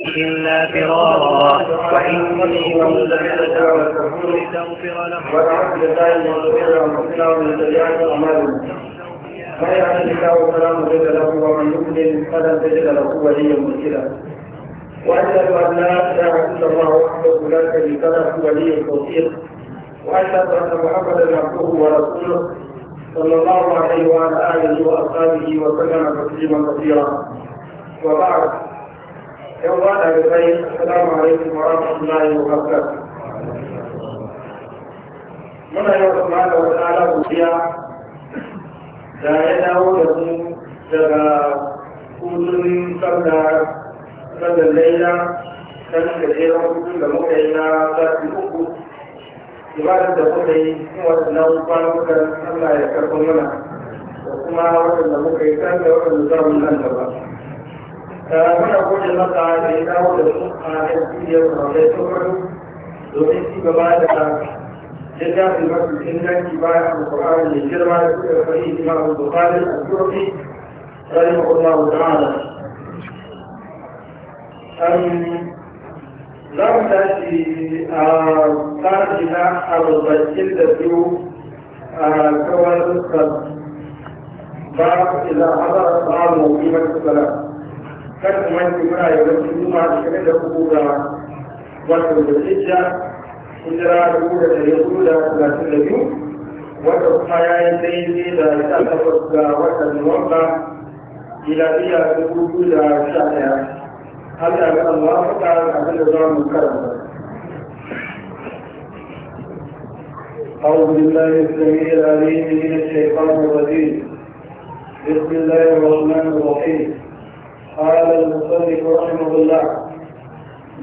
إلا فرارا وإني كنت لتغفر لهم ونعوذ بالله من شرور أنفسنا ومن سيئات أعمالنا من يهده الله فلا مضل له ومن يضلل فلن تجد له وليا مرشدا وأشهد أن لا إله إلا الله وحده لا شريك له ولي التوفيق وأشهد أن محمدا عبده ورسوله صلى الله عليه وعلى آله وأصحابه وسلم تسليما كثيرا وبعد yan ba da bai assalamu alaikum wa rahmatullahi wa barakatuh muna yau kuma da wata ala godiya da ya dawo da mu daga kudurin sallar sallar laila kan gajeren hutun da muka yi na zafi uku ibadar da muka yi cikin waɗannan kwanukan Allah ya karɓi mana da kuma waɗanda muka yi kan da waɗanda za mu nan ba. muna gode maka da ya dawo da su a gaskiyar raunar tukuru domin ci gaba da littafin mafi inganci bayan alkur'ani mai girma da suka fari imamu bukari a turki rahimu allahu ta'ala za mu tashi a tashi na arba'in da biyu a kawar ba ila hadar ba mu yi mata salama kar ku wanke muna yawancin yunwa da kada da ku ga wato da hijja hijira da ku da ɗari hudu da talatin da biyu wanda kuma ya yi daidai da sha takwas ga watan nuwamba miladiya dubu biyu da sha ɗaya Allah ga Allah faɗa abin da za mu karanta أعوذ بالله السميع العليم من الشيطان الرجيم بسم الله الرحمن الرحيم قال المصنف رحمه الله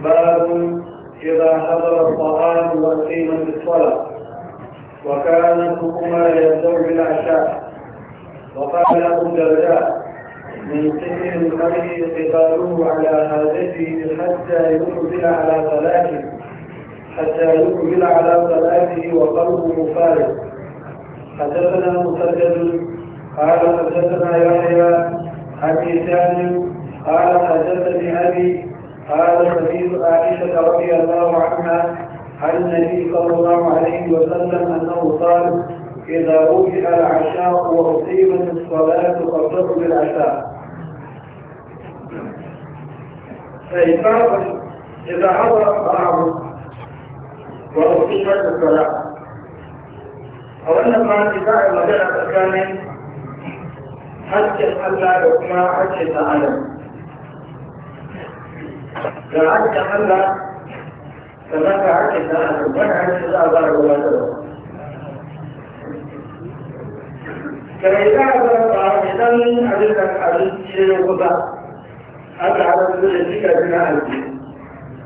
باب إذا حضر الطعام وقيم الصلاة وكان حكما يبدأ بالعشاء وقال أبو الدرداء من سن الخير قتاله على هادته حتى يقبل على صلاته حتى يقبل على صلاته وقلبه فارغ حدثنا مسجد قال حدثنا يحيى عن قال حدثني أبي قال سبيل عائشة رضي الله عنها عن النبي صلى الله عليه وسلم أنه قال إذا رفع العشاء وأصيبت الصلاة فابدأوا بالعشاء طيب، فإنصافا إذا حضر الطعام وأصيبت الصلاة أو أن ما انتفاع المجال الثاني حتى الله وما حتى أعلم لذلك أن كما فعلت الآن منعا في الآباء والأولاد فإذا أبرد عائدا أبرد أبرد وباء أجعل كل ذكر بما أبرد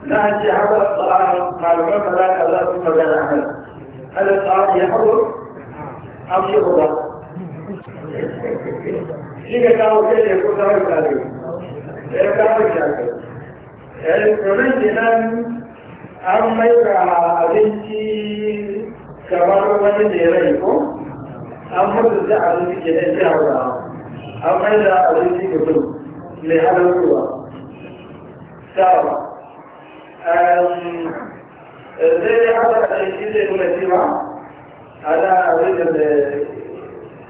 لا أنت هذا الطعام معلومة فلا أبرد فلا أعمل هل الطعام يحضر أو شغل إذا كانوا كيف يكون ذلك عليهم إذا كانوا كيف Yankurin eh, nan, an maida abinci kamar wani da ya rai ko? An mutu da abinci ke nan jiharwa, an maida abinci ga su mai halarwa. Sawa. Eh, zai yi haka da shi zai nuna cewa ana abin da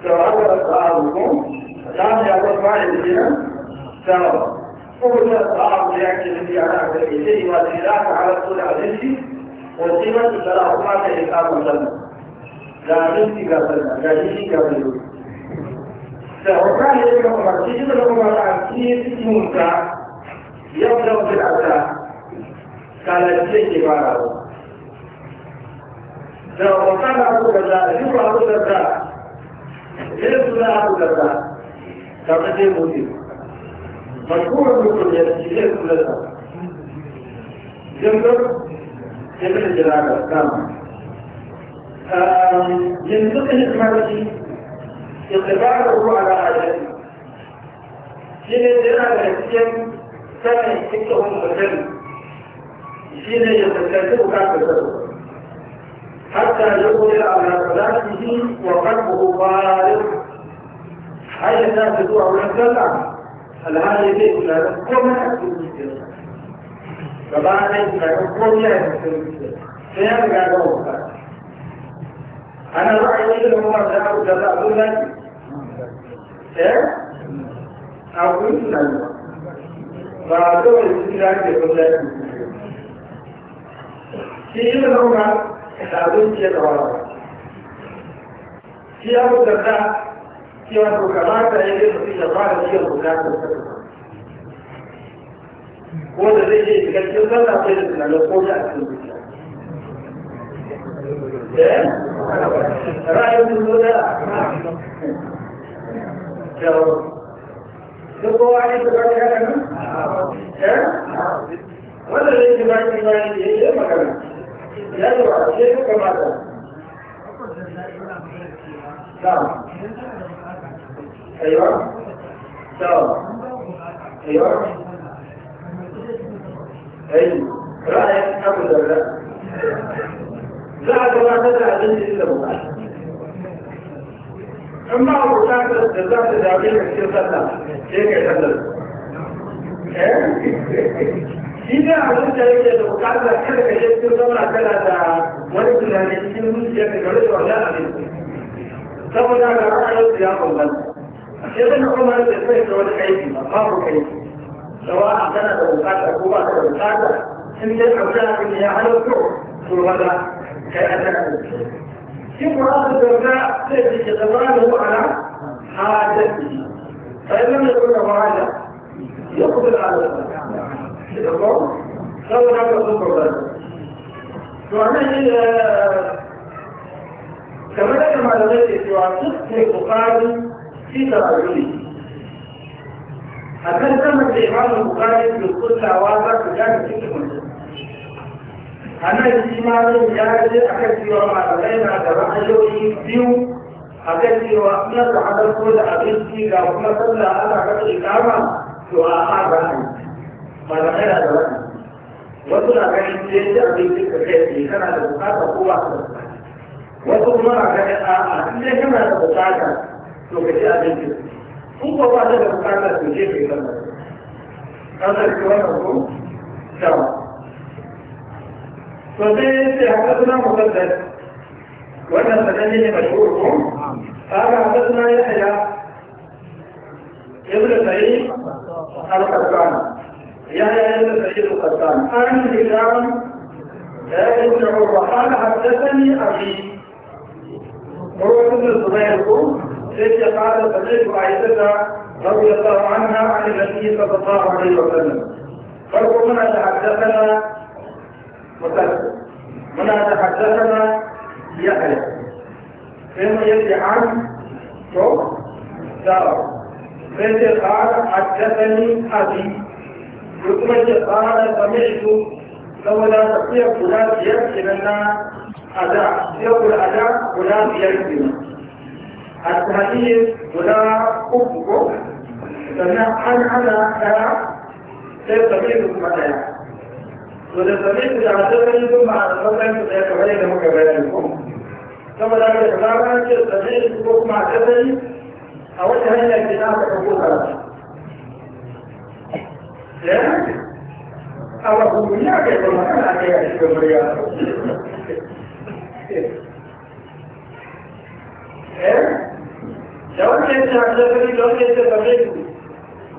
da haka da tsawon ko? Ta hanyar wasu ma'aikata sawa. ولا بعض يعكس الذي على إليه وذلك على طول عزيزي وسيرة تراهما كإقامة سنة لا نسي قبلنا لا نسي قبلنا فهنا يجب أن نرسيب لهم العسير ممتع يبدأ في العزاء قال الشيء كباره وكان أبو كذا يقول أبو كذا يقول أبو كذا كما تقول مشهورة بالكلية الجزائر كلها جنبك جنب الجلالة كامل من ضمن حكمته اقباله على عادته شيء يدرع الاسلام كان يحكمهم مثلا شيء يتكلم كافه حتى يقبل على صلاته وقلبه بارد هل الناس تدعو لك alhali zai tunanin komai a cikin zuciyarsa gaba ɗaya tunanin komai a cikin zuciyarsa sai ya riga ga wuka ana ra'ayoyi da kuma da abu da za a zo zaki eh abu tunani ba a zo da cikin zaki da kuma zaki shi yi da kuma da abin ke da wani shi abu da cewa to kamata ya yi mutum ya fara biyan bukatar ta ko da zai je shiga cikin sallah sai da tunanin ko da a cikin zuciya ra'ayin sun zo da duk kowa ne su bari haka nan? wanda zai ji bari ne bari ne ya yi magana ya yi wa ya yi kamata. Na'am. ايوه سوا ايوه ايوه رايك حمد ولا لا لا ما تزرع بنت الا بوحدها اما ابو سعد الزرع الزعبيه كثير سنه ليه كده shi ne abin da yake da bukatar kada ka je cikin zama kana da wani tunani cikin zuciya ka gare da wannan abin saboda ga ra'ayin su ya bambanta ابن عمر da zai da wani aiki ba babu kai sawa tana da bukata ko ba ta da bukata in dai abu da abin ya halarta to maza kai a tana da shi Qur'an da ga sai da ke zama da ala hadati sai nan da kuma wahala ya kuma da ala da ko saboda ka so ko to anan ne kamar da malamai ke cewa duk ne bukari في تراجمه أكل زمن الإمام البخاري في كل عوامة كان في المسجد أنا الإمام جاهز أكل في يوم علينا كما أجوي فيه أكل في يوم على كل أبيض في كم صلى على كل إقامة دعاء بعد ما غير هذا wasu na ganin ce ce abinci ka kai ce kana da bukata ko ba ka da bukata wasu kuma na ganin a'a in dai kana da bukata lokaci abinci sun ko ba da bukata su je su yi sallah an zarki wannan ko shawa to sai sai haka suna musaddad wannan sananne ne mashhur ko haka haka suna ya haya ibn sa'id al-qassan ya haya ibn sa'id al-qassan an hisham ابن عمر قال حدثني ابي عروه بن الزبير التي قال سمعت عائشة رضي الله عنها عن النبي صلى الله عليه وسلم فرق من تحدثنا وسلم من تحدثنا يحيى فيما يحيى عن شوف دار فيما قال حدثني أبي يكمل قال سمعت لا تطيع فلان يكفي لنا أداء يقول أداء فلان يكفي التهديد ولا أبقه لأن أنا أنا كيف تبين مثلا وإذا تبين تعتبر ثم أتفهم تتكلم كما كبيركم ثم لا يتبعنا كيف تبين تبقى مع كبير أو تهيئ اجتناع تحبوها لأنك أو أقول لك كيف تبقى مع كبيركم da wanda ya ce da gari da wanda ya ce da gari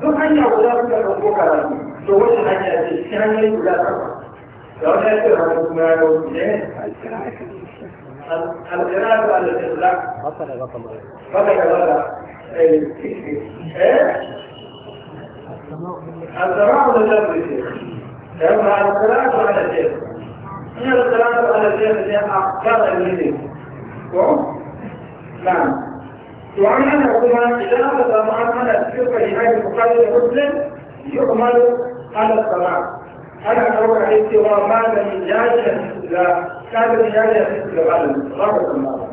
duk hanya guda suka ɗauko karatu to wacce hanya ce shi hanyoyi guda sama da wanda ya ce da kuma ya ɗauki ne القراءة على الإطلاق بطل بطل بطل بطل القراءة للجبر لأنها القراءة على الشيخ هي القراءة على الشيخ هي أحكام المدين نعم وعن أنهما إذا أخذ معاملة الشركة لهذه القاعدة مسلم يعمل على السماء أنا أقول عليه سوى ما لم يجاهد لا كان يجاهد مثل الغلب غلب الله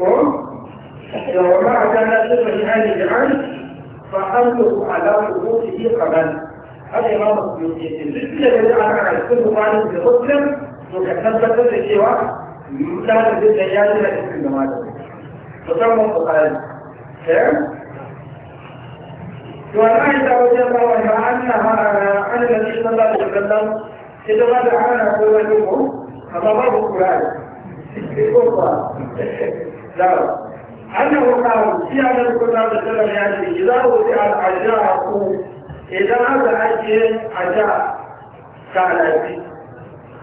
وما كان شركة لهذه الجهاد فأمره على وقوفه قبل هذا إمام السيوطي الذي الذي على كل طالب بمسلم وكتبت السوى لا تزيد يجاهد مثل الغلب وتم البخاري كم؟ وعن عائشة رضي الله عنها أنها أن النبي صلى الله عليه وسلم إذا غدا عنا قوة الجمهور فضربه القرآن لا أنه قال في أن النبي صلى الله عليه وسلم يعني إذا وضع العشاء إذا هذا أجل عشاء كعلاتي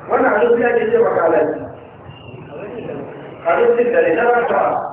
وأنا عرفت أجل وكعلاتي عرفت الدليل أنا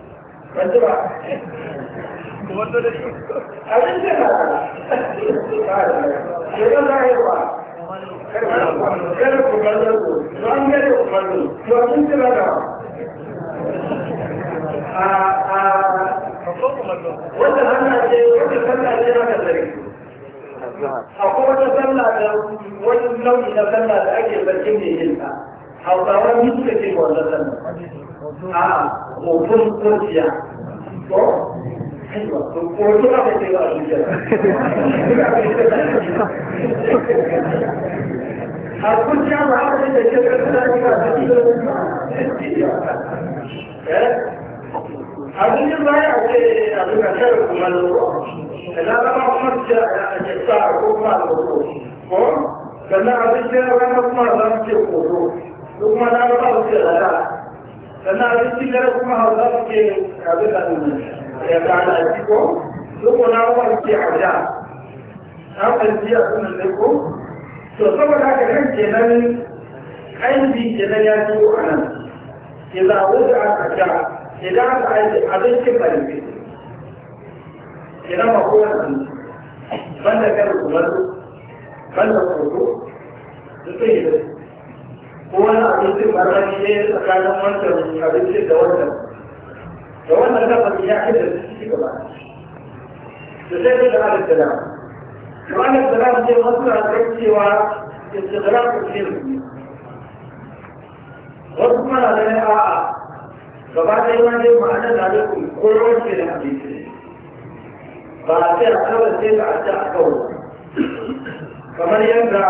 wanda da ba da na kasari wata sallah da wani nau'i na sallah da ake zargin ne yin ta hausawa ni suka ce ba wannan sannan a hoton kociya ko hoto aka ce ba a zuciya a ba a ce da shekar suna ne ba eh? a? ci abin yin a ce a zuka shayar kuma loro da na zama kuma ce a ce sa a ko kuma a loro ko sannan abin shayar kuma za su ko koro kuma na ga babu ke da ta sannan abincin dare kuma hausa suke abin da su ya kada a ciko loko na kuma suke hausa na kwanci a sunan da ko to saboda haka kan kenan ainihin kenan ya ciwo a nan ke za a wuce a kasha idan aka aiki abincin bari idan ba kowane abinci banda kan kuma banda koto da yi da ko wani abincin marmari ne tsakanin wancan abincin da wannan da wannan gabas ya fi da ciki gaba da sai da alif da dama da alif da dama ce wasu na kan cewa istidrak al-film wasu kuma na ganin a'a gaba ɗaya wani ma'ana da alaikum ko wanke da abinci ba a ce a kawai sai da a ce a kawai kamar yadda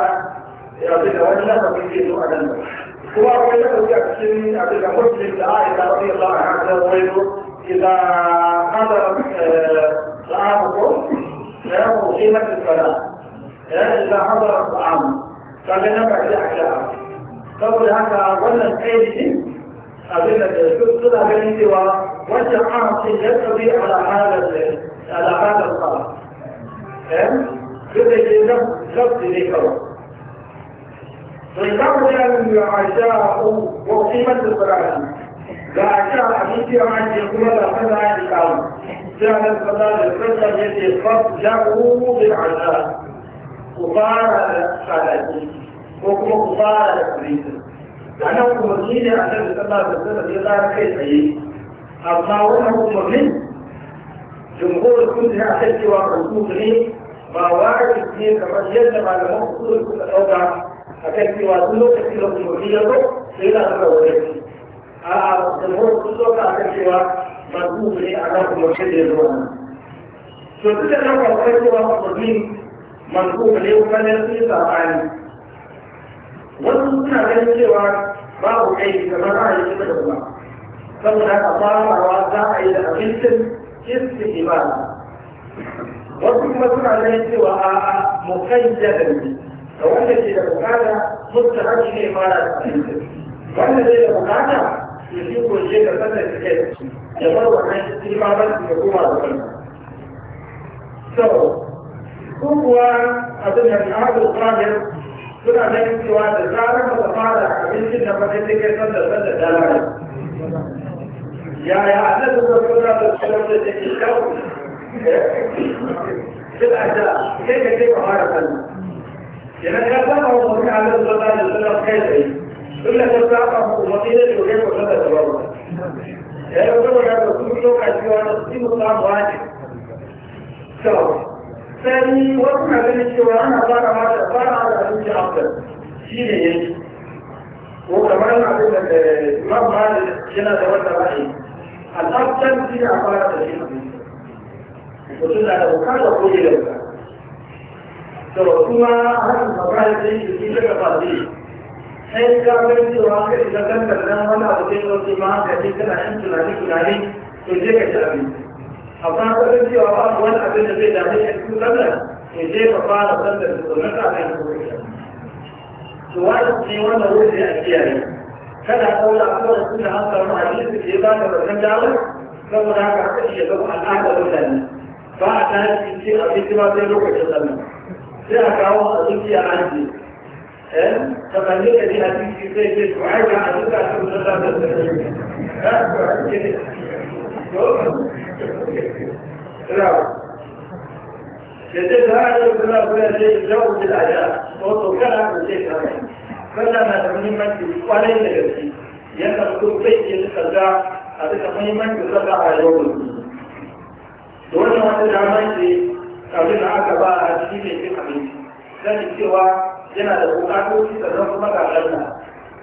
يعطيك وجه لك في هو أقول لك يكفي مسلم لعائشة رضي الله عنها ويقول إذا حضر طعامكم فيقوم قيمة الصلاة إذا حضر الطعام فلنا بعد أحلام قبل هذا ولا الكيد أقول لك كل بين سوى وجه عام يقضي على هذا على هذا الطعام فاهم؟ كل شيء نفس نفس فالمولى العشاء وقيمة الصلاة العشاء أبيتي عن يقول لقد عشاء كان الصلاة الفتح التي قد جاءوا بالعشاء وقال الصلاة وكما قال الصلاة أنا أمرني عشان الصلاة الفتح يقال كيف هي أما وأنا أمرني جمهور كنت أحسي وأقول لي ما واجب لي كما يجب على مقصود كنت أوضع a kan cewa duk lokacin da umarni ya zo sai na zama wajen a'a jamhur sun zo ka kan cewa masu ne a kan umarni da ya zo nan to duk da nan kwakwai cewa umarni masu ne wani sun yi sabani wasu suna ganin cewa babu kai kamar a yi da kuma saboda a farawa za a yi da abincin isti imani wasu kuma suna ganin cewa a'a mu kai da ne da wanda ke da bukata mustahab shi ne fara da wanda zai da bukata to shi ko je da sallar da kai da bar wannan shi ma ban da kuma da kai so ko kuwa abin da Abu Qadir suna ganin cewa da zarar ba fara abincin da ba sai kai sallar sallar da lalai yaya annabi sallallahu alaihi wasallam da ke kawo sai a da sai ka kai fara sallar لأن كان سبقه النبي عليه الصلاة يجب أن تتبرع يعني يقول لك الرسول لو كان في واحد تقيم الطعام واجب سواء ثاني وقنا بالنسبة وأنا صار على صار على أبنتي أفضل يجب وكمان عبد الإمام مالك هنا دولت رأيه الأفضل في عبارة الشيخ وتقول أنا وكان يقول لك da kuma hannun magana da yake shi daga fadi sai ka ga cewa ka shiga kan nan wani abu sai ka ce ma ka ce kana yin tunani tunani to je ka shafi amma ka ga cewa ba wani abin da zai dame ka cikin sallar to je ka fara sallar da tsoron ka kai ko kai to wannan ne wannan wuri a kiyaye kada kaula a kawai suna an samu hadisi da ya ba ka zaton dawar saboda haka haka shi ya zama al'adar mutane ba a tashi ce abinci ba sai lokacin sallar sai a kawo a zuciya an ji ɗan tamanni da ne a cikin sai ce su aika a duka a cikin sallah da su يجب هذا الكلام هو يتزوج الأداء وهو كلام ليس فلا ما تمنيما وليس يبكي ينقل بيت الخزاع هذا تمنيما يخزع على يوم الدين دون ما تدعمين kawai da aka ba a cikin mai cin abinci zan cewa yana da bukatoci zan kuma ga Allah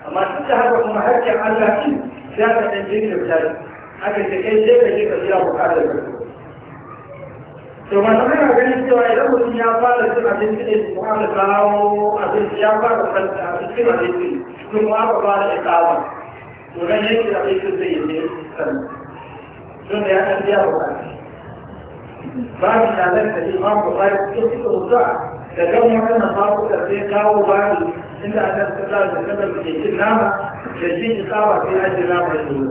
amma duk da haka kuma hakkin Allah shi sai aka ɗan jirgin tare aka ce kai sai ka je ka biya bukatar ka to masu kana ganin cewa idan mutum ya fara cin abinci ne su da kawo abinci ya fara kanta cikin abinci su kuma aka fara ikawa to nan yake abincin zai yi ne sannan don da ya ɗan biya bukatar بعد الآلات التي أمر غير تلك الوزاع تجمع لنا صاروا تبديل كاو بعد إن أساس الله تكبر في الإسلام تجديد إصابة في أجل الله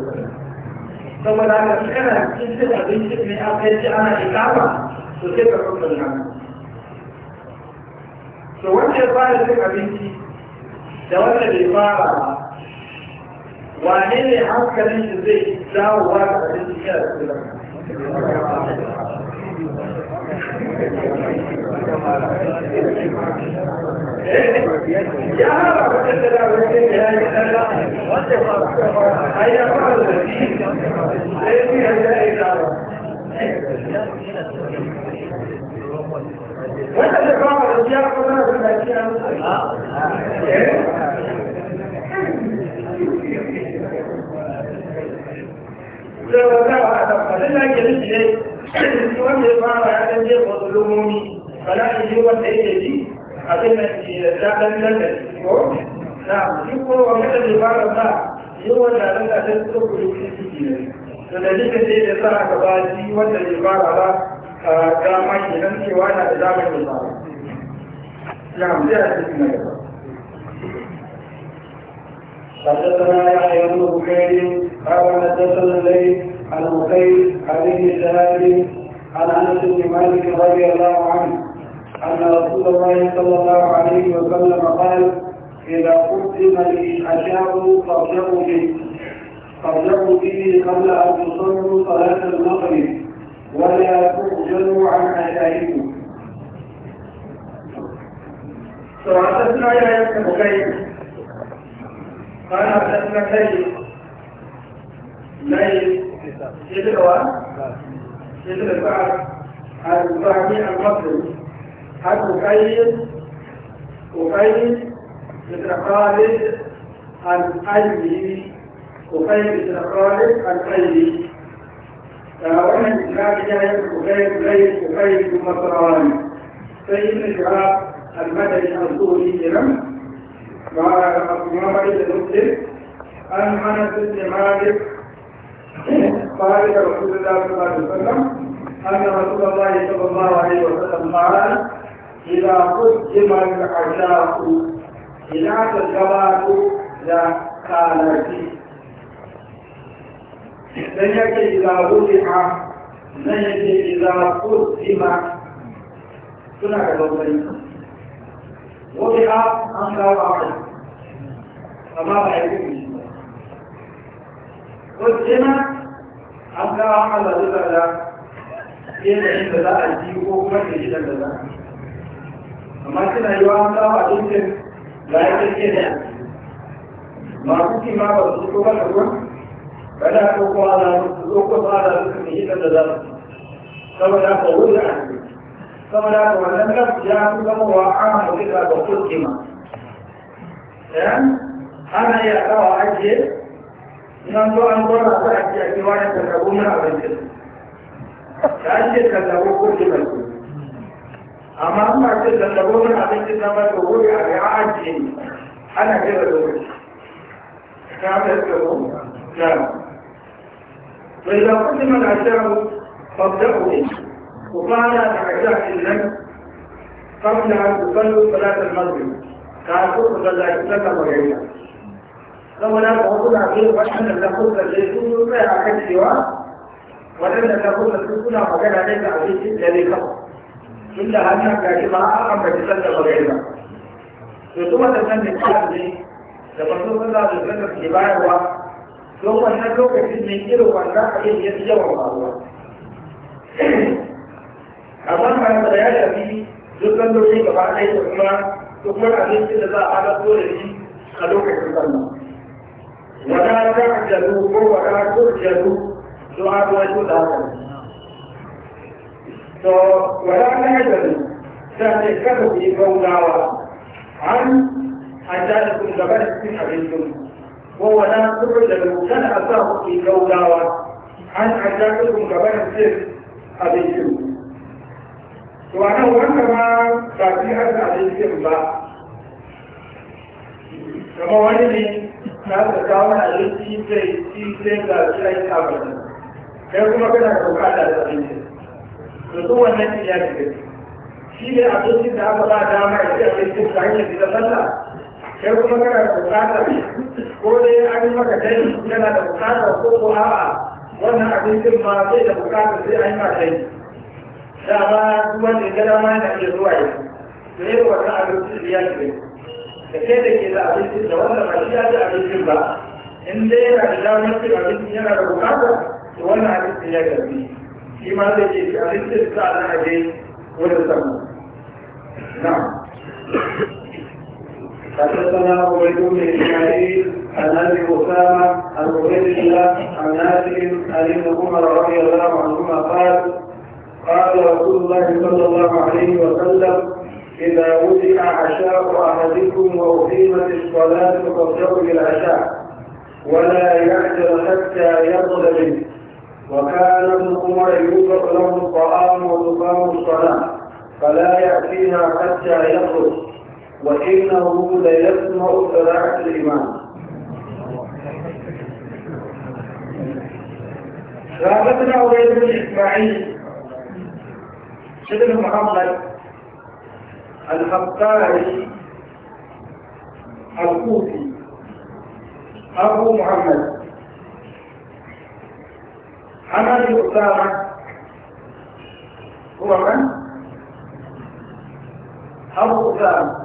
ثم لأن في كان تلك أبنت من أبنت أنا إصابة وكيف حكم العمل فوانت يطالب لك أبنتي دوت الإصابة وأنا اللي حاسس كلمة زي داو واحد أبنتي كده يا هذا وتسلم عليك يا هذا أي فعل الذي هي إدارة وانت تفعل الزيارة كلها في الأشياء لو تفعل هذا فلن أجل إليه wanda ya fara ya ɗan jefa wasu lumomi ba na shi ji wanda yake ji abin da ke da ɗan nan da ko na shi ko wanda ya fara sa yi wanda ɗan da ɗan so ku yi ciki ne to da nika sai da sa ka ba shi wanda ya fara ba dama ke nan cewa na da damar ya fara na mu zai a cikin na gaba حدثنا يحيى بن بكير قال حدثنا الليل عن مقيد عن ابن عن انس بن مالك رضي الله عنه ان رسول الله صلى الله عليه وسلم قال اذا قدم العشاء فارجعوا به فارجعوا به قبل ان تصلوا صلاه المغرب ولا تخجلوا عن عشائكم وحدثنا يا ابن مكيف قال حدثنا كيف ليل شجر و شجر البعض الفهمي المصري عن أكيد أكيد بن خالد الأيلي أكيد بن خالد الأيلي ومن الإسلام جاء أكيد غير أكيد المصراني سيد الشعب المدني السوري كلام وعلى الإمام عيسى المسلم عن بن مالك فذلك رسول الله صلى الله عليه وسلم أن رسول الله صلى الله عليه وسلم قال إذا قدم العشاء إذا تجبات لا قال فيه من يكن إذا وضع من يكن إذا قدم سنة الوضعية وضع أن لا وعي فما بعيد قدم an ga Allah zai tsada yanayin da za a ji ko kuma ke shi da za a amma suna yi wa an kawo a cikin ba ya kake da masu kima ba su ko ba da ruwan Ba da ko ko za su zo ko ba da su ke shi da za su. saboda ka wuce a cikin saboda ka wannan kan ya fi zama wa an mutu ka ga kuskima ana iya kawo ajiye nan zo an gwara ta a ce a ce wani kallabo muna abincin ta an ce kallabo ko ki bai amma an ba ce kallabo muna abincin na ba ta wuri a ya ajiye ne ana jira lokaci ta haka ya kallabo na وإذا قدم العشاء فابدأوا به وقال العشاء لله قبل أن تصلوا صلاة المغرب كان تصل العشاء وغيرها saboda ka wasu da ke waɗanda ta kusa da su sai a kan cewa waɗanda na kusa suna magana ne da abincin da ne kawai inda hannun gari ba a ambaci sallar magana to kuma da san da kiyar ne da masu sallar da ke bayarwa don wannan lokacin ne irin wanda a yi yin yawan faruwa amma ba da ya shafi duk sallolin gaba ɗaya da kuma duk wani abinci da za a haɗa dole shi a lokacin sallah ولا تعجلوا ولا ترجلوا سؤال رسول هذا ولا تعجلوا سنكتب في قولاوا عن أجالكم لبركم أبنتم ولا ترجلوا سنأتاه في قولاوا عن أجالكم لبركم أبنتم to a nan wanda ma ba fi har da abin ba kama wani ne na ka kawo na abinci sai ci sai ga shi ai abin kai kuma kana kauka da abinci to duk wannan ya shiga shi ne abincin da aka ba dama ya ce abincin ta hanyar da sallah kai kuma kana da bukatar ko dai an yi maka dai kana da bukata ko ko a wannan abincin ma sai da bukata sai an yi maka dai Da ba wanda ya gada ma yana iya zuwa yi to wata wannan abincin ya shiga da kai da ke da abincin da wanda ba shi ya ci abincin ba in dai yana da damar cin abincin yana da bukata to wannan abincin ya gabi shi ma zai ce shi abincin sa na aje wurin samu na حدثنا عبيد بن اسماعيل عن ابي اسامه عن عبيد الله عن نافع عن ابن عمر رضي الله عنهما قال قال رسول الله صلى الله عليه وسلم إذا وضع عشاء أحدكم وأقيمت الصلاة فابدأوا بالعشاء ولا يعجل حتى يطلب منه وكان ابن عمر يوضع له الطعام وتقام الصلاة فلا يأتيها حتى يخرج وإنه ليسمع صلاة الإمام رابطنا أولاد بن إسماعيل سيدنا محمد الحقاري الكوفي أبو محمد حمد أسامة هو من؟ أبو أسامة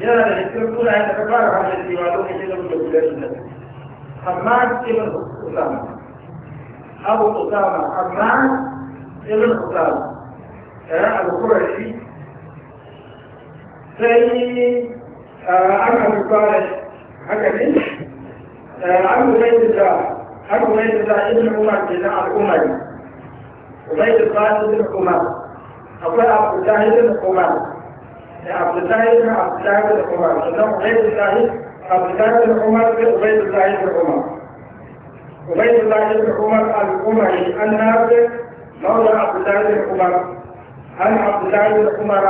يعني يذكرون أن تكبر عن الديوانون إلى الجبلة حماد ابن أسامة أبو أسامة حماد ابن أسامة القرشي sai aka fi fara haka ne an zai da an zai da ibn umar ke na al'umari zai da fara ibn umar akwai abdullahi ibn umar da abdullahi ibn abdullahi ibn umar sannan zai da abdullahi ibn umar da zai da ibn umar عبيد الله بن عمر الأمري النافع مولى عبد الله بن عمر عن عبد الله بن عمر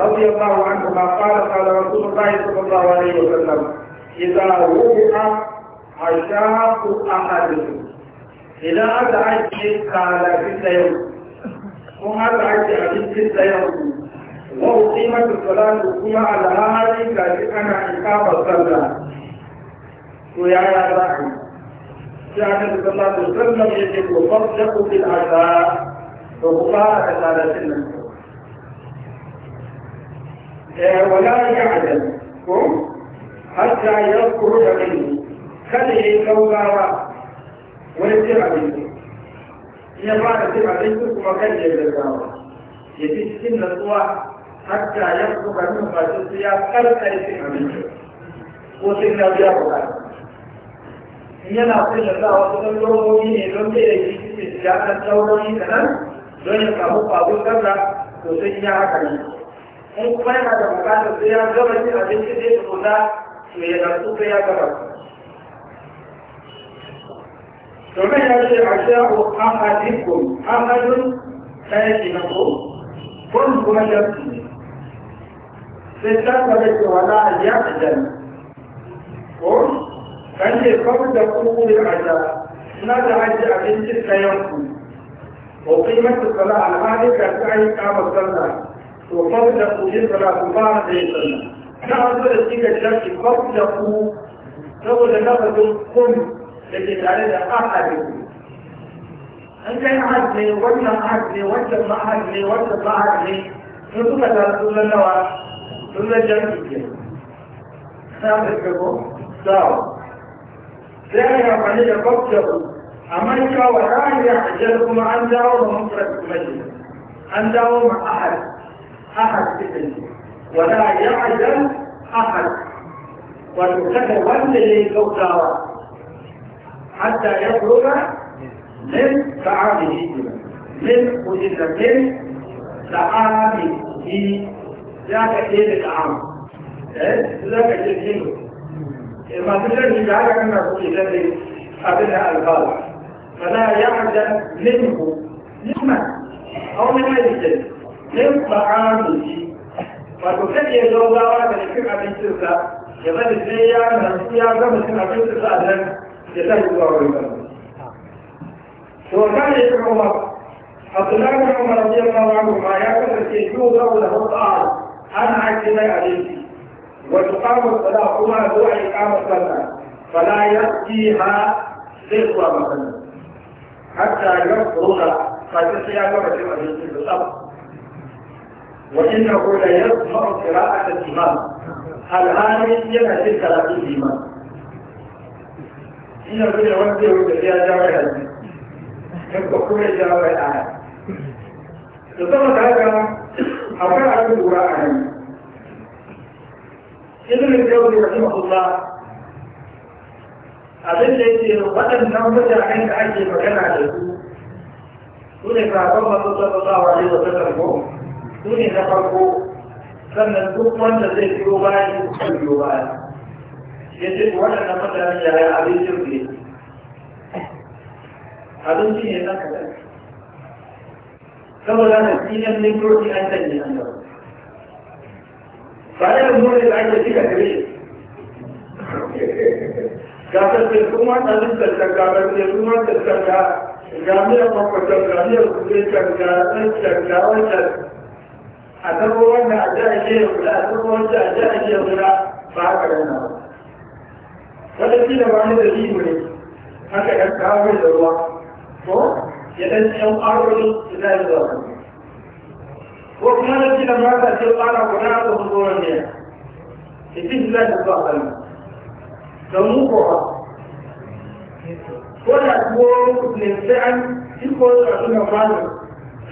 رضي الله عنهما قال قال رسول الله صلى الله عليه وسلم إذا وضع عشاق أحدكم إذا أدعى أجل قال في اليوم ثم أدعى أجل في اليوم وأقيمت الصلاة كما على هذه كذلك أنا إقامة الصلاة ويا يا رحمة يعني صلى الله عليه وسلم يجب وصدق في العشاء وقال على سنه آه، ولا يعلم حتى يذكر يقينه خلي كوكاوا ويصير عليكم هي بعد تصير عليكم ثم كان يلقاوا يجي سن الصوا حتى يذكر منه ما تصير قلت يصير عليكم وصلنا بها وقال yana son ya sa wasu ɗanɗarobobi ne don da ya yi cikin siyasar taurari da nan don ya samu faɗin ƙasa to sai ya haka ne in kuma yana da bukatar sai ya gaba cin abinci zai shi kuta to ya zartu sai ya gaba domin ya ce a sha'u ahadikum ahadun ɗaya ke na ko kun kuma shartu ne sai ta gaba ce wala a ya ajiyar ko kan ce kawai da kuma ya ajiyar suna da ajiye abincin kayan ku ko kai mata sala alhali ka ta yi kama sallah وفرقوا يبقى كفارا بيسلم نعم هذا تلك الشرط فرقوا سوى لنقض قم لكي تعالى أحدكم أنت أحد لي وأنت أحد لي وأنت ما أحد لي وأنت ما أحد لي نتوك رسول الله ثم جنبك سابقكم ساوى sai ya amfani da kwakwabu a manka wa ra'ayi a ajiyar kuma an dawo da mafarki kuma an dawo ma ahad أحد ولا يعلم أحد وتتكون للكوثر حتى يخرج من طعامه إيه؟ إيه من قدر من لا كثير الطعام لا كثير ما تدري ذلك أن كل ذلك قبلها الغالب فلا يعلم منه نعمة أو من غير ذلك yin ma'amun shi wato kan iya gaugawa da cin abincinsa ya bari sai ya nasu ya gama cin abincinsa a nan ya sa shi zuwa wurin gama to kan ya cin umar abdullahi bin umar radiyallahu anhu ma ya kasance yau zawo da hutsa'ar an haƙi mai abinci wato kamun sada kuma zuwa ya kama sallah fala ya ci ha sai zuwa masallah hatta ya tsoro da sai ya gama cin abincinsa وإنه لا يسمع قراءة الإمام الآن ينا تلك لكن الإمام إنه كل وقت يقول يا جاوي هذه يبقى كل جاوي الآية لطبعا هذا أفعل الدعاء عنه إذن الجوزي رحمه الله abin da yake waɗannan mutanen da ake magana da su su ne kafin masu sallallahu alaihi دونی زفر کو سنندو پند سے شروع ہوا ہے جو پھر بھی ہوا ہے یہ سے بہت نمت رہا جا رہا ہے ابھی جو بھی حضور جی یہ نہ کرتا ہے سب اللہ نے تین اپنی پروڑ کی آئیتا ہے جنہاں جو سارے امور نے آئیتا ہے کہ کریے کافر پر کمان حضور کر سکتا کافر پر کمان کر سکتا گامیہ پر پر چکتا گامیہ پر چکتا گامیہ پر چکتا گامیہ پر چکتا گامیہ پر چکتا گامیہ پر چکتا a zama wanda a ja ake ya kula a zama wanda a ja ake ya kula ba haka yana ba wanda shi da wani da shi ne haka yan kawo da ruwa ko ya dan yan ƙwarori su da yi zuwa ko kuma da shi da mata ce ƙwara ko su zuwa ne ya ci shi da zuwa kan mu ko ba ko da ko ne sai an shi ko a suna malu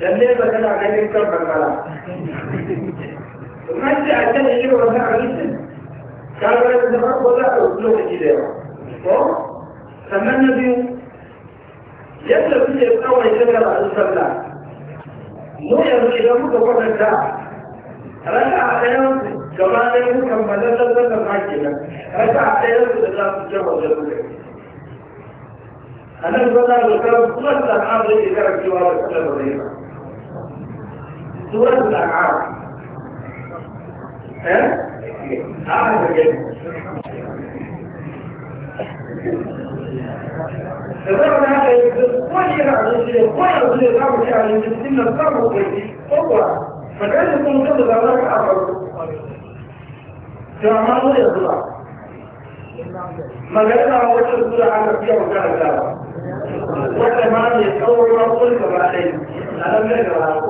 lalle ba tana ganin kan kankara kan ce a can yi wa da zama za a lokaci ko sannan na biyu yadda kuke a mu yanzu idan muka kwatanta raka a gaba raka a su da za su ce a nan da kuma da da ya da ba سورة الأنعام ها؟ أعلى جدا الرغم هذا يقول كل شيء على الشيء كل شيء على الشيء على الشيء من الصبر هو فكان يكون كل ذلك أفضل كما هو يطلع ما قال له وجه كل على فيها وكان لا وكمان يتطور ويقول كما عليه ألم يجرى على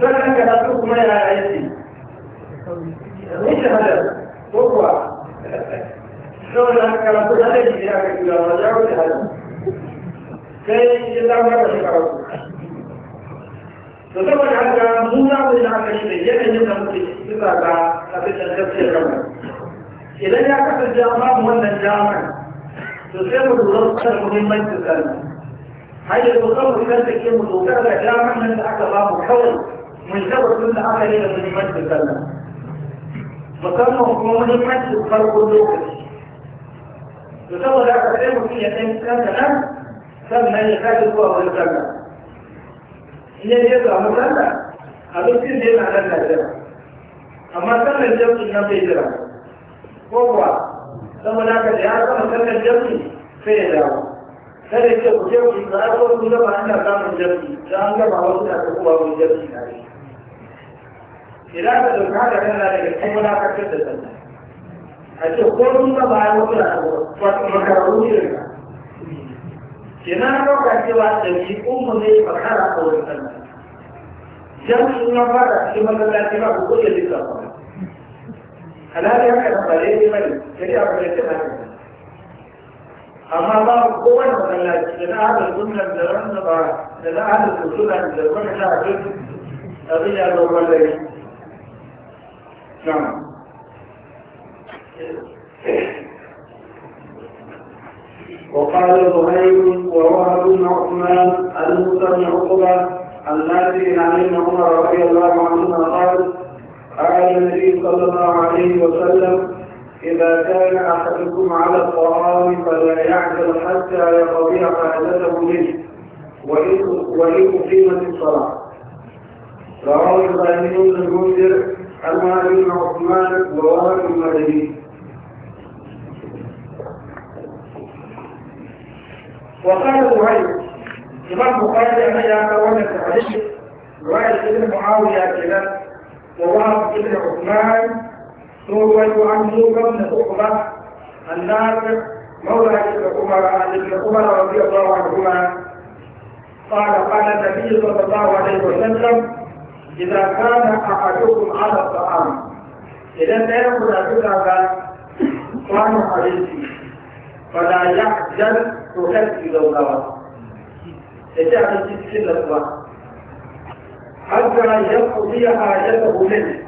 sannan ka zaɓi kuma yana aiki mun shahada ko kuwa saboda haka karatu na da jiri aka yi gawa ya wuce hada sai ya samu haka shi karatu to saboda haka mun za mu yi haka shi da yanayin da muke suka ga abin da tafiyar kama idan ya kasance an babu wannan damar to sai mu lura da muhimmancin sallah هاي المطور كان تكلم وكذا لا معنى ان اكل الله حول من سبب كل اخر الى من يمد الكلام فكانوا هم يمد الفرق اللوكس يصور لا تكلم في يتم كلام سمى يكاد هو الكلام هي يدعى مكلم هذا كل شيء على الكلام اما كان الجو النبي جرى هو ثم لما تجعل كما كان الجو في دعوه سر اس کے مجھے اقرار کو مجھے بنانے کا منظر تھی جان کے باوجود آپ کو بہت منظر تھی گاڑی دکھا کرنے والے کے بنا کر کے دیتا ہے اچھا کون کا باہر ہو رہا ہے پر مکرو نہیں بات جبھی کو مجھے پکڑا رہا ہو رہا ہے جب سننا پر اچھی مدد کرتی میں کو یہ دکھا پڑا حالانکہ کرنا پڑے کہ میں جیسے آپ نے سے amma babu kowane masallaci da na hada sunan da wanda ba da na hada sunan da wanda na hada abin ya zo wanda ya nan وقال زهير ووهب بن عثمان الموسى بن عقبه النافي عن ابن عمر رضي الله عنهما قال قال النبي صلى الله عليه وسلم إذا كان أحدكم على الطعام فلا يعجل حتى يقضي حاجته منه وإن أقيمت الصلاة رواه إبراهيم بن المنذر عن بن عثمان رواه المدني وقال مهيب إمام بخاري أن يا كونة الحديث رواية ابن معاوية كذا ووهب ابن عثمان نوبل عن نوبل بن عقبة النافع مولى ابن عمر عن ابن عمر رضي الله عنهما قال قال النبي صلى الله عليه وسلم إذا كان أحدكم على الطعام إذا لا يكون أحدنا كان حريصي فلا يحزن تهدد الغرض يجعل الجسد للغرض حتى يقضي حاجته منه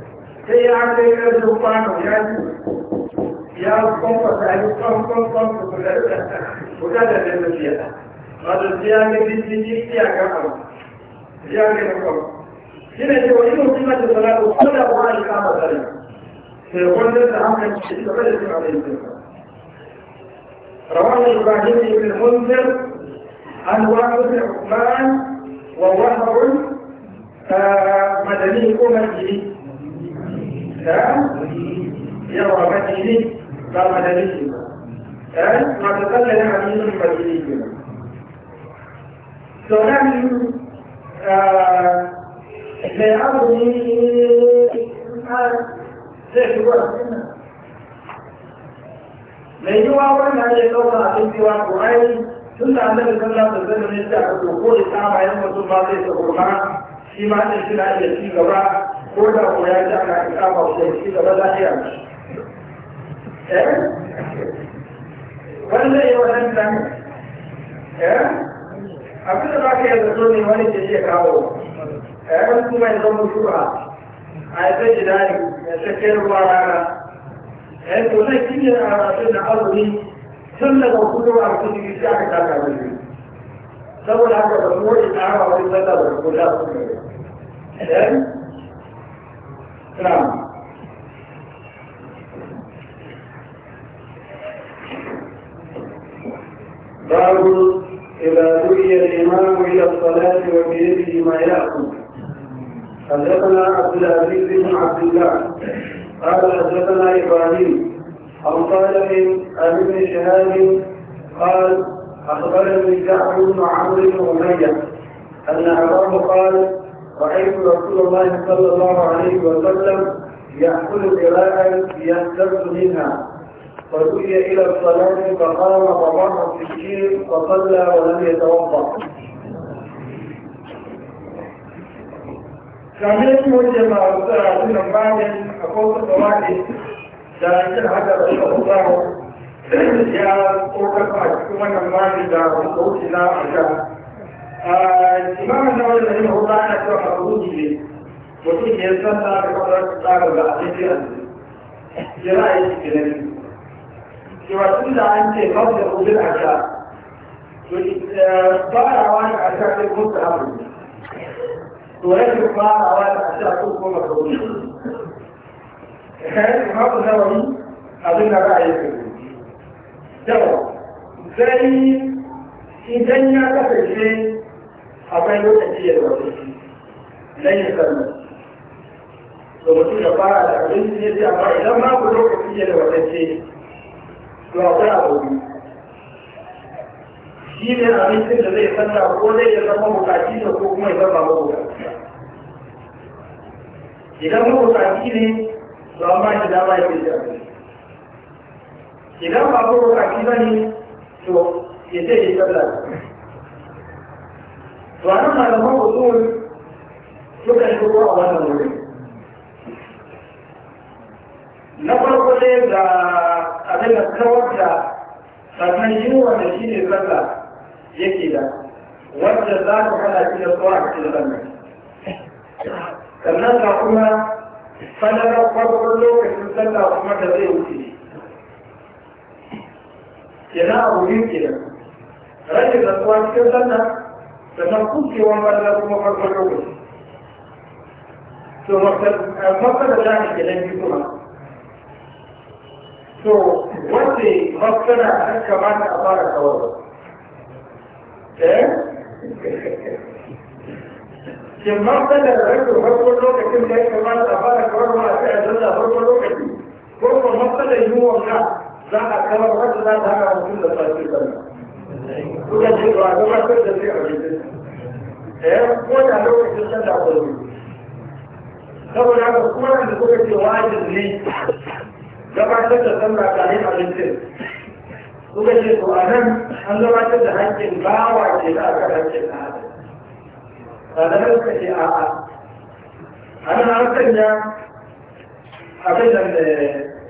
sai ya kai ƙarfin kwano ya ji ya kwamfasa a yi kwamfasa kula da kula da da tafiya wato sai ya ga jijiji ya ga abu ya ga na kwamfasa shi ne cewa yi mutum na da salatu ko da ba a kama tsari sai wanda da hankali shi gaba da suna da yin رواه إبراهيم بن المنذر عن واحد بن عثمان ووهب مدني أمته يرى مدينه لا مدنيه ما تكلم عن مدينه سنعلم في أرض zai shigo da sunna mai yiwa wannan ya ɗauka a cikin cewa to ai tun da annabi sallallahu alaihi wasallam ya ce a ko da ta bayan mutum ba zai ta gurma shi ma din shi na iya ci gaba ko da ko ya ji ana kama ko shi gaba lafiya eh wannan yau nan nan eh? abin da za ka yi zato ne wani ke iya kawo eh wani kuma ya zama a yi sai jidani ya shakiyar ruwa rana ya eh, yi zai kiyaye a rasu da azumi tun daga kudu a kudu shi aka taka mai saboda haka ba mu wani tsara wani sallah da kudu نعم باب إذا دعي الإمام إلى الصلاة وبيده ما يأكل حدثنا عبد العزيز بن عبد الله قال حدثنا إبراهيم عن صالح عن ابن شهاب قال أخبرني كعب مع عمرو بن أمية أن عمر قال رأيت رسول الله صلى الله عليه وسلم يأكل قراءة ليستبدو منها فدعي إلى الصلاة فقام ومر في الشيخ فصلى ولم يتوضأ. كانت مجد مع رسول الله عبد المعلم أقوص الطواقي جانسل حتى رسول الله يا أوكا فاكتوما نمان إذا رسول الله عشاء الإمام النووي رحمه الله أنا أتوقع حدودي وفي يستنى بقدرة الطاقة بأسفل جرائي في النبي سوى كل أنت قبل قبول العشاء وإتبار عوان العشاء في المستقبل ويجب بعض عوان العشاء تكون مفروضة كانت الإمام النووي أظن رأيه في الجواب زي إذا يا كفر شيء akwai lokaci ya zaune nan ya sannan to mutum da fara da abin ne ce amma idan babu lokaci ya zaune to akwai abu shi ne abincin da zai sanna ko zai ya zama bukaci da ko kuma ya zama mabukaci idan mabukaci ne to amma shi dama ya fi abinci idan ba mabukaci ba ne to ya ce ya sallah وأما لما هو أصول يكشف الله ولا نقول na farko dai ga abin da kawar da sannan yi wanda shi ne sallah yake da wanda za ka hana shi da tsawa a cikin sallah sannan ga kuma fadarar farkon lokacin sallah kuma da zai wuce kenan abu biyu kenan rashin da tsawa cikin sallah sannan kuskewar banza kuma farko kawai to ta ne ke nan biyu to wanda matsala an kamata a fara kawai eh shin matsalar rarrabe farko lokacin da ya kamata a fara kawar ma a sai a farko lokaci ko kuma matsalar yiwuwar ka za a kawar wata za ta hana mutum da sannan Kuna cewa a zama kan da zai a wajen ɗaya ko da lokacin san da kwallo. Saboda haka kuma da kuka ce wajin ne gabatar da sallah kafin abincin. Kuka ce to a nan an gabatar da hankin bawa ke da aka hankin na hada. Tsadarar ka ce a'a. Ana na sanya abin da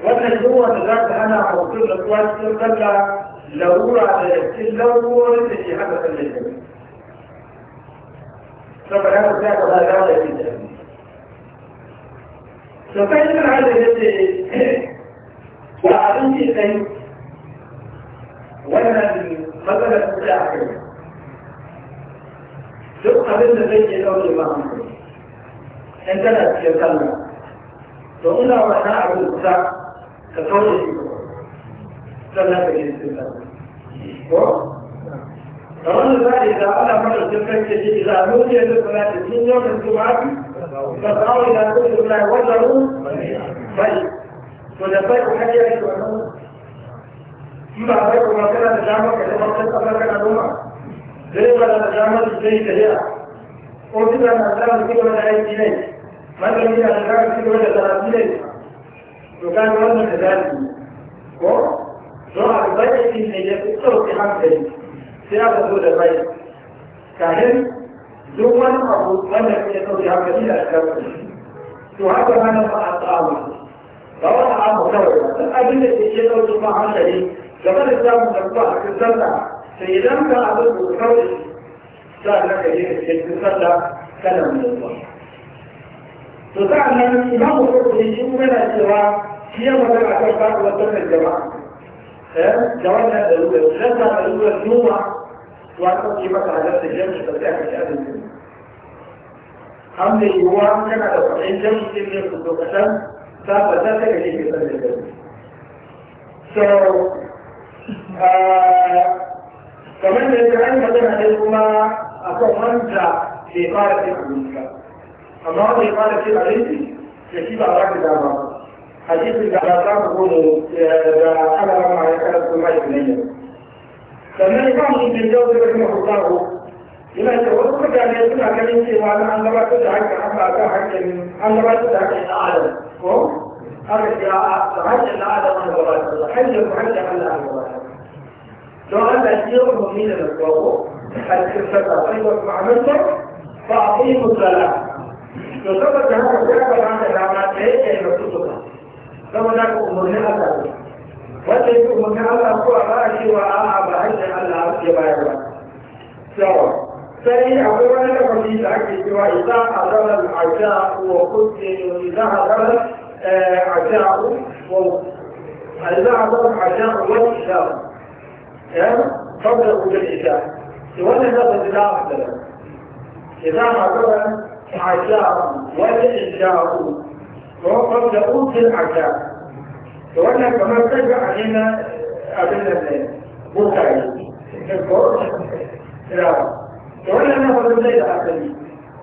wannan yunwa da za ta hana a mutum da tuwa cikin sallah larura da cikin larurorin da ke haka sallar jami'i saboda haka sai aka zaga da cikin jami'i to kai suna hada ya ce ba abinci kai wannan matsalar kuɗi a kai duk abin da zai ke ɗaure ma hankali in kana cikin sallah to ina wannan abin kusa ka kauce shi sannan ka je cikin ko da za a yi da ana fara cikin ke shi da suna ya cikin yau da zuwa abi ka tsawo da ta yi na wanda ru bai to da bai ku kariya shi wannan in ba bai kuma kana da damar ka zama kan ƙasar kana noma zai ba da damar da zai tafiya ko tuna na samun kiwon da aiki ne malami na samun kiwon da zarafi ne to kan wannan da zafi ko don haka bayan shi ne ya fi ɗauki hankali sai aka zo da bai kahin duk wani abu wanda ya ɗauki hankali da ƙarfi to haka ma na fa'a tsawo ba wani abu kawai ba duk abin da ke ɗauki ma hankali game da samun karɓa a kan sallah sai idan ka abin da kawai sa'an ka yi da cikin sallah kana mai zuwa to sa'an nan imamu kurkuri shi kuma yana cewa shi ya magana kan faɗuwar sallar jama'a جوابها الأولى وثلاثها الأولى نوع وأنا كيف تعلمت الجمع فتاك في هذا الجمع حمد هو كان على صحيح جمع سنة في الدوكشان ففتاك كيف يسمى الجمع So, kamar da yake an magana dai kuma akan wanda bai fara cin abinci ba amma wanda ya hadisin da ba za ku gudu da alamun ma ya kada su mai ne sannan ba mu bin jawo da kuma hukaru yana da wasu mutane suna ganin cewa na an gabatar da haƙƙin an ba ta haƙƙin an gabatar da haƙƙin na adam ko aka ce a da haƙƙin na adam an gabatar da haƙƙin ku haƙƙin Allah an gabatar don Allah shi ya umarni da nasuwa ko haƙƙin sassa sai ba su ma'amarta ba a kai musala to saboda haka sai aka ba da dama da yake masu suka saboda ka umarnin Allah ne wanda yake umarnin Allah ko a ba cewa a'a ba haƙƙin Allah ya bayar ba yawa sai akwai wani lafafi da ake cewa idan azara al'aja wa kuke idan azara al'aja wa idan azara al'aja wa isha ya fadda kudin isha wannan lafafi na afdala idan azara al'aja wa isha وهو قبل أوت العشاء وأنا كما تجمع علينا قبل موسى وأنا أنا قبل الليل أقلي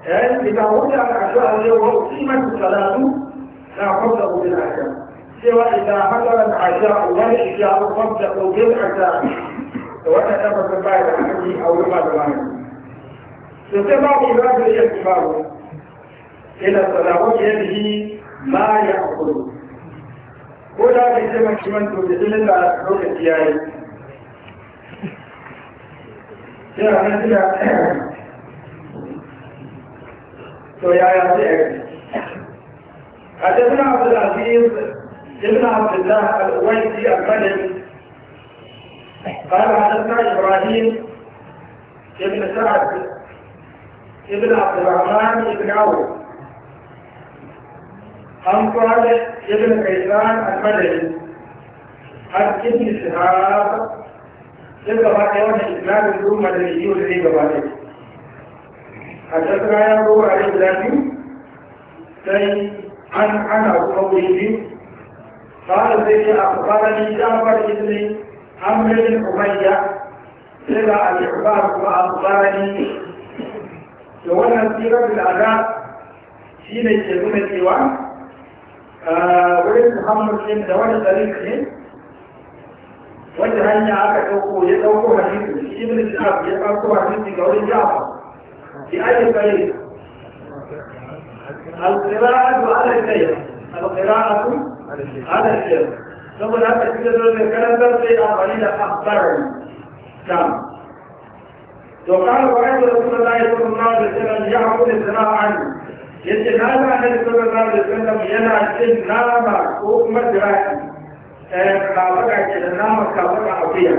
هل بتعود على العشاء اللي هو قيمة الصلاة لا قبله بالعشاء سوى إذا حضر العشاء والعشاء قبله بالعشاء وأنا أنا بعد عندي أو بعد عندي يتبع عباد الاعتبار إلى التلاوة هذه ما يأخذ ولا da ake ce mai kiman to da jinin da lokaci ya yi حدثنا عبد العزيز ابن عبد الله الأويسي المدني قال حدثنا إبراهيم ابن سعد ابن عبد الرحمن ابن عوف عن صالح ابن كيسان المدني عن ابن شهاب ابن باقي اسلام الروم مدني والعيد باقي حدثنا يا ابو علي بن سي عن عن ابو قوله قال سيدي اخبرني جعفر بن عمرو بن اميه سبع الاخبار واخبرني وولد سيره العذاب شيء يجب ان wurin muhammad ɗin da wani tsarik ne wanda hanya aka ɗauko ya ɗauko hadisi shi ibn shahab في أي طريق القراءة على الشيء القراءة على الشيء ثم لا تكتبوا من كلام في أقليل أخبار نعم وقال وعند رسول الله صلى الله عليه وسلم يعبد الزنا عنه yace na ga annabi sallallahu alaihi wasallam yana cin nama ko kuma jiraki eh kawaka ke da nama kawaka a wuya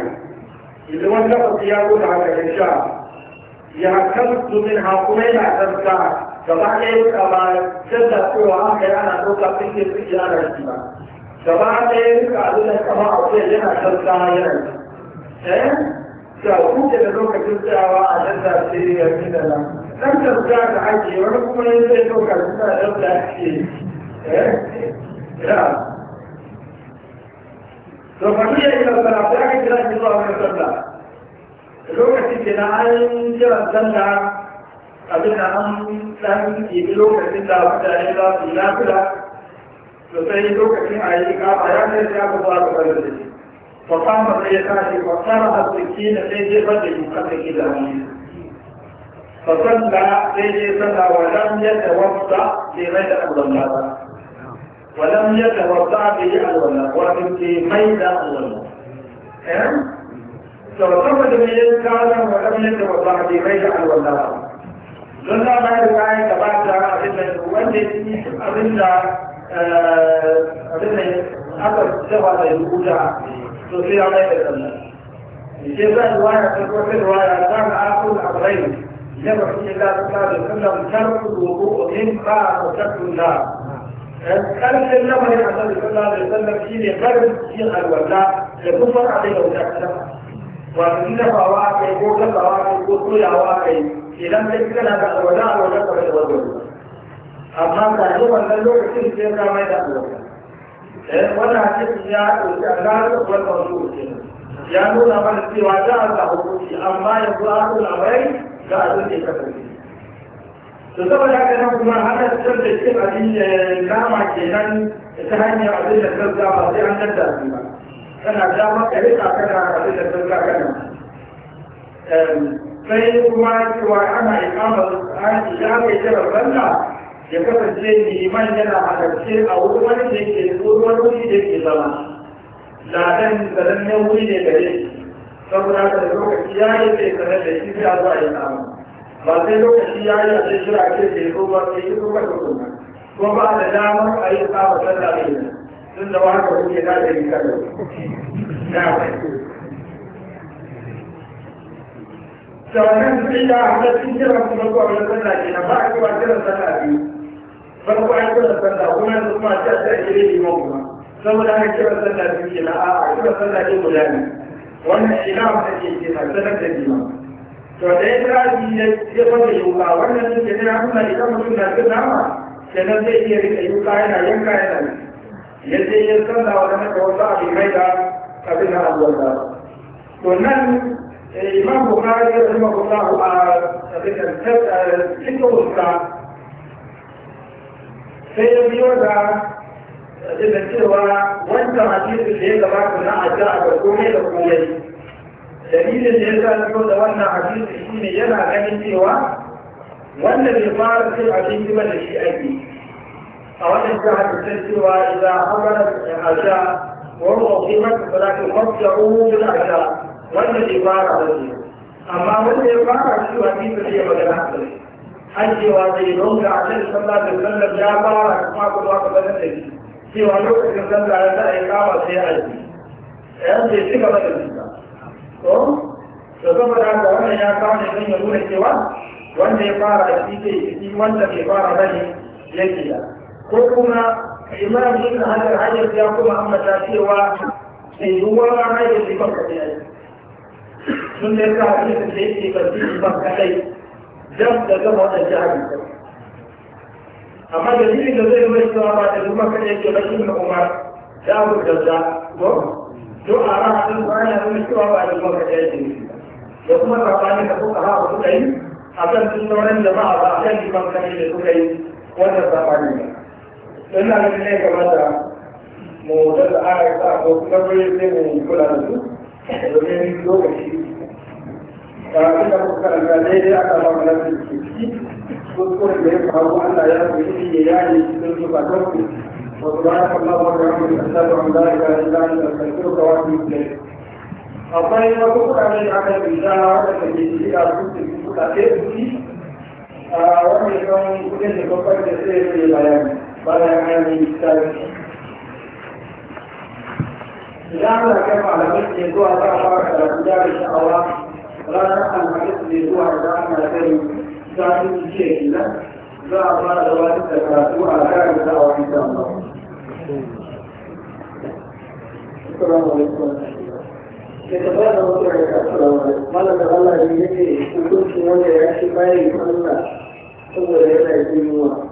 idan wanda ku ya zo da haka insha ya kamtu min ha kuma yana tsarka gaba ɗaya kama jadda cewa haka yana ɗauka fiye fiye ana shi ba gaba ɗaya duka abin da kama a wuya yana tsarka yana eh ga kuke da lokacin tsayawa a jadda sai ya fi da nan ta da za ka ake wani kuma ne zai ɗauka suna ɗan da ake eh? ya to fa ni yayi sallah sai aka kira shi zuwa ga sallah lokacin da na an kira sallah abin da an dan yi lokacin da yi za su yi lafiya to sai lokacin a yi kafa ya kai ya ba ka bari da shi fa kama sai ya tashi fa tsara hasikina sai bada yi kan da ke فصلى سيدي صلى ولم يتوضا لغير الولاء ولم يتوضا به الولاء ومن في ميدة الولاء فصلى به كان ولم يتوضا لغير الولاء don da ba da kayan da ba ta abin da wanda abin da abin da aka zaba da rubuta to sai ya mai da sallah. Shi zai ruwaya ta kuma sai ruwaya ta ga akul abu rai لرسول الله صلى الله عليه وسلم شرط الوضوء من قاع وشرط النار كان لما للرسول صلى الله عليه وسلم في غرب في الولاء لكفر عليه وسلم ومن فواكه يقول فواكه يقول كل فواكه إذا لم يكن هذا الولاء وشرط الوضوء أما تعلم أن اللوح كل شيء كما يدعوه wannan hadisi ya ɗauki alƙalin wannan mutum ya nuna mana cewa da Allah hukunci amma yanzu a ɗaura bai ga abin da ya kasance to saboda haka nan kuma ana fitar da cin abin nama kenan ta hanyar abin da ta zaba sai an dadda su ba kana da maka rika kana abin da ta zaba kana sai kuma cewa ana ikamar an shafe jirar banda ya kasance liman yana halarce a wurin wani da ke wurin wani da ke zama ladan da nan ne wuri ne gare shi saboda haka da lokaci ya yi sai sanar da shi sai a zuwa ya ba sai lokaci ya yi a sai shira ke sai ko ba sai yi ko ko ba ko ba da damar a yi samu da mai nan tun da wani kawai ke na da yi kan da sannan sai da halattun kiran kuma zuwa wani sallah ke na ba a kiwa kiran sallah biyu farko an kiran sallah kuma yanzu kuma a ce a ce a kire liman kuma saboda haka kiran sallah biyu ke na a'a kiran sallah ke guda ne wannan ina ta ke ke sanar da jima to da ya tsara ya ya fada yuka wannan ne ke na kuma idan mutum na cin nama kenan zai iya rika yuka yana yanka yana ya je ya sanna wa nan da wasu abin mai da abin na abuwa da to nan imam bukari ya zama bukari a abin da cikin sai ya biyo da daga cewa wancan hadisin da ya gabata na addu'a ga komai da komai dalilin da ya sa fito da wannan hadisi shine yana ganin cewa wanda bai fara cin abinci ba da shi ake a wannan ta hadisin cewa idan amara asha wa huwa qimat salatu fasja'u bil asha wanda bai fara ba shi amma wanda ya fara shi hadisi da ya magana akai har cewa zai ronka a cikin sallah da sallar ya fara kuma kuma ka bazan da shi cewa lokacin zan da za a yi kama sai a ji yan sai shi gaba da jika to da haka wannan ya kawo ne don ya nuna cewa wanda ya fara shi ke shi wanda bai fara ba ne ke da ko kuma imam ibn hajar hajar ya kuma ambata cewa sai ruwa rana ya ji ban kaɗai ai sun da ya sa hadisi da yake ban ji ban kaɗai dan da gama wannan jihar amma da jini da zai mai cewa ba da zuma kan yake ba ibn umar da abu dazza ko to a ra din bana mai cewa ba da zuma kan yake da kuma ba ba sabani da kuka ha ku kai akan da sauran jama'a ba akan ba kan yake kuka yi wannan sabani ne dan nan ne ne kamar da mu da ara ta ko kuma bai sai mu kula da su domin lokaci ta kuma kuka da da aka ba mu lafiya kuskuren da ya faru Allah ya fi shi ya yaye cikin zukatan ku wa subhanaka allahumma wa bihamdika ashhadu an la ilaha illa anta astaghfiruka wa atubu ilayk akwai wasu kuɗaɗe da aka yi da aka ke shi a cikin kuɗaɗe kuɗi a wani kan kuɗin da babbar da sai ya bayani bayan an yi tsari idan ana kai malamai ke zuwa za a fara karatu da sha'awa ranar alhamis ne zuwa da ana kai kafin su ce kila za a fara gabatar da karatu a kayan da a wani samun ba alaikum. Ke tabbata da wasu rarraka assalamu Malam da Allah ne yake hukuncin wanda ya shi bayan Allah saboda yana yi yunwa.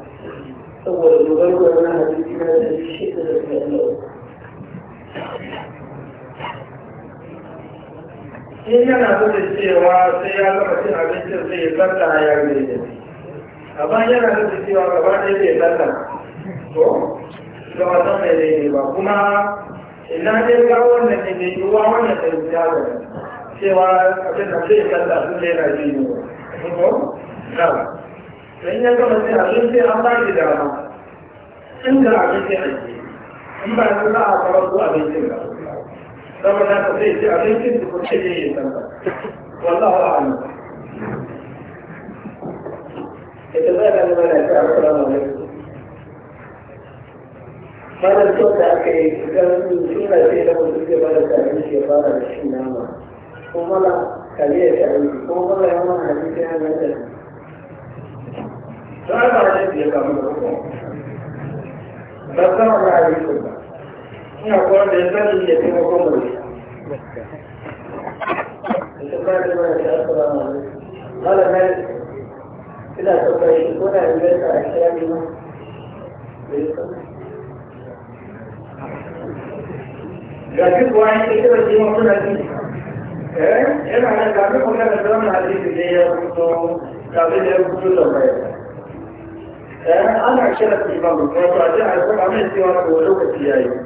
Saboda dogaro da wani hadisi na da shi da da in yana nuna cewa sai ya gama cin abincin sai ya tsalla ya gare amma yana nuna cewa gaba ɗaya bai tsalla to da wasan mai daidai ba kuma ina ne ga wannan ne mai yiwuwa wannan da ya gaba cewa abin da sai ya tsalla sun daina ji ne ba to in ya gama cin abinci an ba shi dama inda abinci ake in ba ya tsalla a farar su abincin ba لما لا تفريد أبنك تكون حجية والله أعلم يتبادل لما لا تعرف السلام عليكم قال الصوت أكي كان فيما شيء لم تجد ولا تعيش يقال الشيء نعم ثم لا كليه تعيش ثم لا يوم حديث عن مثلا سؤال على الذي يقام بكم بكر عليكم ina kuma da ya sani ya taimakon mu malamai ina tabbai shi kuna yin gaisa a kira ne ma ga shi kuwa yin kira ne ma kuna ji yana nan ga shi kuma da zama na ji da ya rubuto ga shi da ya rubuto da bai ana kira su imam ko to a ji a kuma mai cewa ko lokaci yayi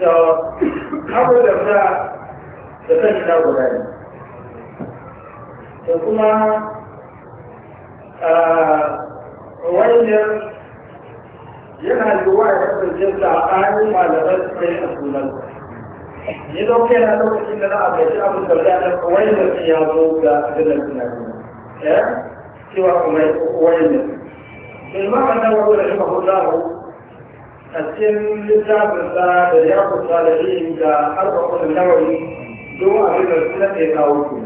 da abu da ta da kan ina guda ne da kuma ah, wannan yana yiwuwa ya kasance tsakanin malaman sai a sunan ni don kai na lokacin da na abaci abin da ya da wannan ya zo ga gidan tunani eh cewa kuma wannan bil ma'ana wa rahimahullahu a cikin littafinsa da ya kusa da yin da harkokin nawari don abin da suna ke kawo ku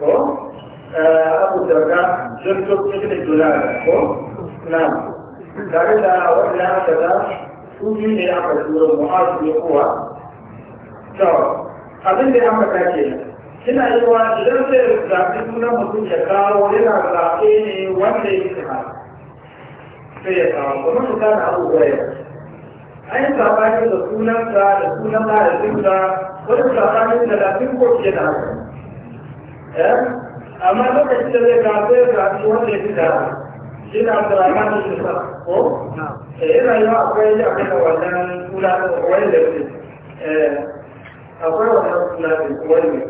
ko eh, abu da ga don tokin da juna ko na tare da wani aka da su biyu ne aka tura mu'azu ne kowa to abin da ya maka ke kina yi wa idan sai zaɓi sunan mutum ya kawo yana zaɓe ne wanda ya yi sai ya kawo kuma su kana abubuwa yau an yi sabanin da sunan da da sunan da da zikra wani sabanin da lafin ko fiye da haka eh? amma lokacin da zai kafa ya kafa wanda ya fi da shi na abdurrahman da shi ko eh, yana yi akwai yi kai wannan suna wani da eh, akwai wannan suna da wani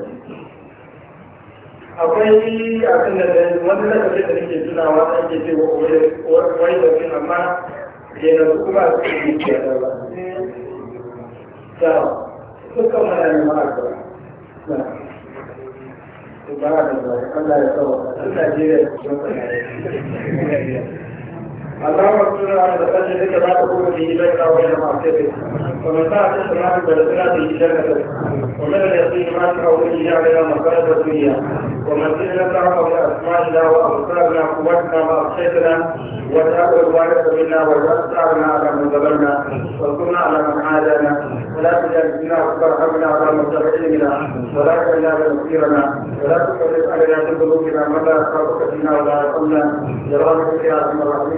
akwai abin da wani da ke da nake tunawa da ake ce wani da amma Jangan lupa sedikit adalah Jauh Itu kemarin maka Nah Subhanallah Allah ya tahu Allah dia Subhanallah اللهم اغفر لنا بذنبك لا تقول به بيننا وبين معصيتك ومن ساعة ما بلغنا به جنتك ومن اليقين ما تحول به علينا مصائب الدنيا ومن زدنا تعرف بأسمائنا وأبصارنا قوتنا ما أغشيتنا وتأكل الوارث منا وتأثرنا على من ظلمنا وانصرنا على من عادانا ولا تجعل وترحمنا على من تبعنا ولا تجعلنا مصيرنا ولا تكلف علينا بذنوبنا من لا يخافك فينا ولا يرحمنا يا رب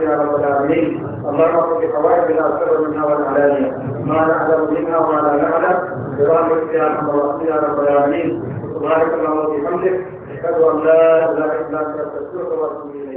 يا رب رب العالمين اللهم اغفر لحوائجنا وسر منها والعلانية ما نعلم منها وما لا نعلم برحمتك يا ارحم الراحمين يا رب العالمين سبحانك اللهم وبحمدك اشهد ان لا اله الا انت استغفرك واتوب اليك